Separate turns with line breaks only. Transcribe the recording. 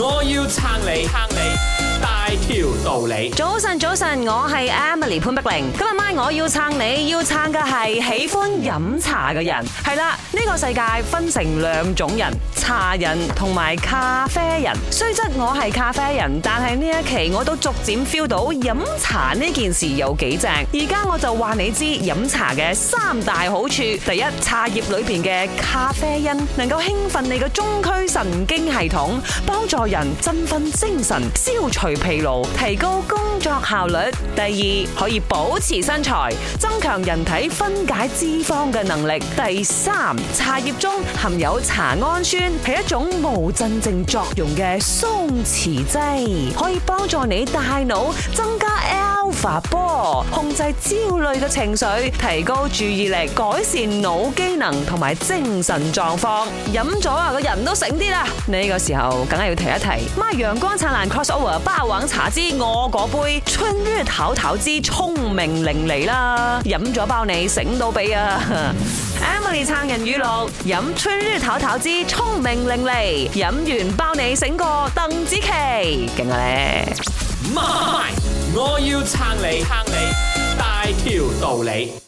我要撐你，撐你大條道理。
早晨，早晨，我係 Emily 潘碧玲。今日晚我要撐你，要撐嘅係喜歡飲茶嘅人。係啦，呢個世界分成兩種人，茶人同埋咖啡人。雖則我係咖啡人，但係呢一期我都逐漸 feel 到飲茶呢件事有幾正。而家我就話你知飲茶嘅三大好處。第一，茶葉裏邊嘅咖啡因能夠興奮你嘅中區神經系統，幫助人振奮精神，消除疲勞，提高工作效率。第二，可以保持身材，增強人體分解脂肪嘅能力。第三，茶葉中含有茶氨酸，係一種無鎮靜作用嘅鬆弛劑，可以幫助你大腦增加 L-。波，控制焦慮嘅情緒，提高注意力，改善腦機能同埋精神狀況。飲咗啊，個人都醒啲啦。呢個時候，梗係要提一提，咪陽光燦爛 cross over 霸王茶之我嗰杯春日頭頭之聰明伶俐啦。飲咗包你醒到痹啊！你撐人語錄，飲春日桃桃之聰明伶俐，飲完包你醒過鄧紫棋。勁啊咧，
媽咪，我要撐你，撐你，大條道理。